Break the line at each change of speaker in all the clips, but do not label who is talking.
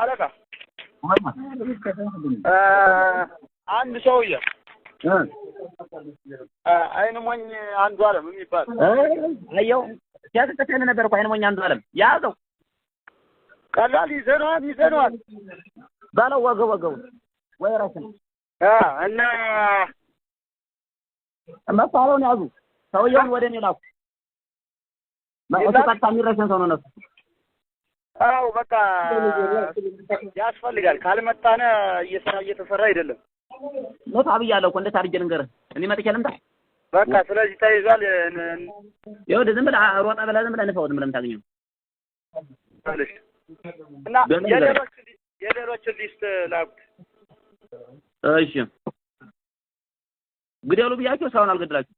አለቃ አንድ ሰውዬ አይን ሞኝ አንዱ አለም የሚባል
አየው ነበር እኮ አይን ሞኝ አንዱ አለም ያዘው።
ቀላል ይዘነዋል፣ ይዘነዋል
ባለው ወገው ወገው ወይ ራስን እና መሳሪያውን ያዙ። ሰውየውን ወደ እኔ ላኩ። ተጣጣ የሚረሸን ሰው ነው ነሱ
አው በቃ ያስፈልጋል። ካልመጣነ እየሰራ እየተሰራ አይደለም።
ሞት አብያለሁ እኮ እንዴት አድርጌ ልንገርህ? እኔ መጥቼ ልምጣ
በቃ። ስለዚህ ተይዟል።
ይኸውልህ ዝም ብለህ ሮጠህ ብለህ ዝም ብለህ ንፈው ዝም ብለህ የምታገኘው
እና የሌሎች የሌሎችን ሊስት ላኩት።
እሺ ግደሉ ብያቸው እስካሁን አልገድላችሁም።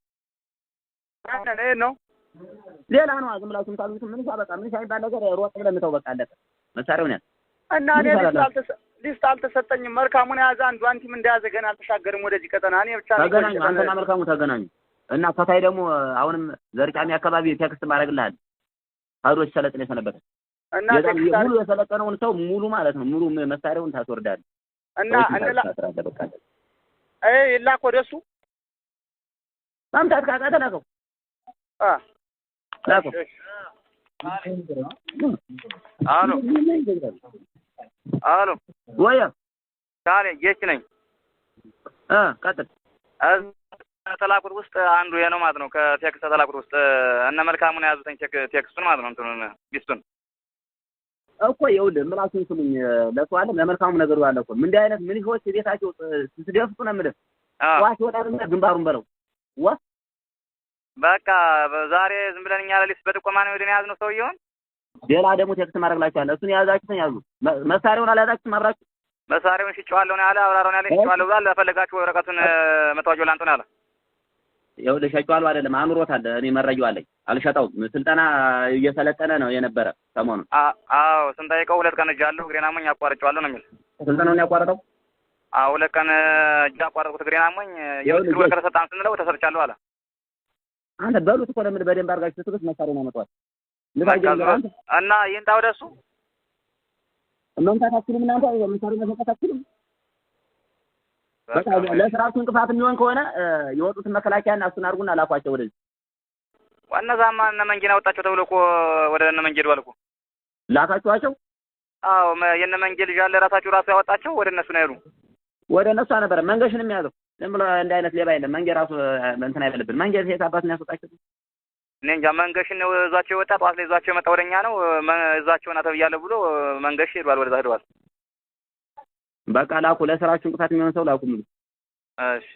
ይሄን ነው ሌላ ነው። አዝምላችሁም ታሉት ምን ሳበቃ ምን ሳይባል ነገር ሮጥ ብለን ተው በቃ አለቀ። መሳሪያውን ነው
እና እኔ ሊስት አልተሰጠኝም። መልካሙን የያዘ አንዱ አንቲም እንደያዘ ገና አልተሻገርም ወደዚህ ቀጠና። እኔ ብቻ
ተገናኙ፣ አንተና መልካሙ ተገናኙ እና ፈታይ ደግሞ አሁንም ዘርጫሚ አካባቢ ቴክስት ማድረግልሃል። ሀዶች ሰለጥነ የሰነበተ እና ሙሉ የሰለጠነውን ሰው ሙሉ ማለት ነው ሙሉ መሳሪያውን ታስወርዳል
እና እንላ ይላክ ወደሱ
ማምጣት ካቃተ ላከው ሄሎ ሄሎ፣ ወያ
ዛሬ ጌች ነኝ። ቀጥል። ከተላኩት ውስጥ አንዱ የነው ማለት ነው። ከቴክስ ከተላኩት ውስጥ እነ መልካሙን የያዙትን ቴክስቱን ማለት ነው። እንትኑን ቢስቱን
እኮ ይኸውልህ፣ ምላሱን ስሙኝ። ለሱ አለ ለመልካሙ ነገሩ ያለ እኮ እንዲህ አይነት ምን ይሆን ቤታቸው ስትደፍጡ ነው የምልህ። ዋስ ይወጣልና ግንባሩን በለው ዋ
በቃ ዛሬ ዝም ብለን እኛ ለሊስ በጥቆማ ነው ሄደን የያዝነው ሰውየውን።
ሌላ ደግሞ ቴክስት ማድረግላችኋለሁ። እሱን የያዛችሁትን ያዙ። መሳሪያውን አልያዛችሁም አብራችሁ።
መሳሪያውን ሽጬዋለሁ ነው ያለ። አብራራውን ያለ ሽጬዋለሁ ብሏል። ለፈለጋችሁ ወረቀቱን መታወቂያው ላንተን አለ።
ይኸውልህ ሸጬዋለሁ አይደለም አኑሮታል። እኔ መረጃው አለኝ። አልሸጠውም። ስልጠና እየሰለጠነ ነው የነበረ ሰሞኑን።
አዎ ስንጠይቀው ሁለት ቀን እጃለሁ እግሬን አሞኝ አቋርጬዋለሁ ነው የሚል።
ስልጠናውን ያቋረጠው
ሁለት ቀን እጅ አቋረጥኩት እግሬን አሞኝ ወረቀት ሰጣን ስንለው ተሰርቻለሁ አለ።
አንተ በሉት እኮ ለምን በደንብ አድርጋችሁ ትግስ ነው አመጣው
እና ይንታ ወደሱ
መንካታችሁም እናንተ መሳሪያ መዘቀታችሁም በቃ ለስራቱ እንቅፋት የሚሆን ከሆነ የወጡትን እና እሱን አድርጉና ላኳቸው ወደዚህ።
ዋና እነዛማ እነ መንጌን አወጣቸው ተብሎ እኮ ወደ እነ መንጌ ደዋል እኮ ላካችኋቸው። አዎ የእነ መንጌ ልጅ አለ ራሳቸው ራሱ ያወጣቸው ወደ እነሱ ነው ያሉ
ወደ እነሱ አነበረ መንገሽንም ያዘው ዝም ብሎ እንደ አይነት ሌባ የለም። መንገድ ራሱ እንትን አይበልብን። መንገድ ሴት አባት ነው ያስወጣቸው።
እኔ እንጃ ነው እዛቸው የወጣ ጠዋት ላይ እዛቸው የመጣ ወደኛ ነው እዟቸውን አተብያለሁ ብሎ መንገሽ ሄዷል። ወደዛ ሄደዋል።
በቃ ላኩ። ለስራችሁ እንቅፋት የሚሆን ሰው ላኩ።
እሺ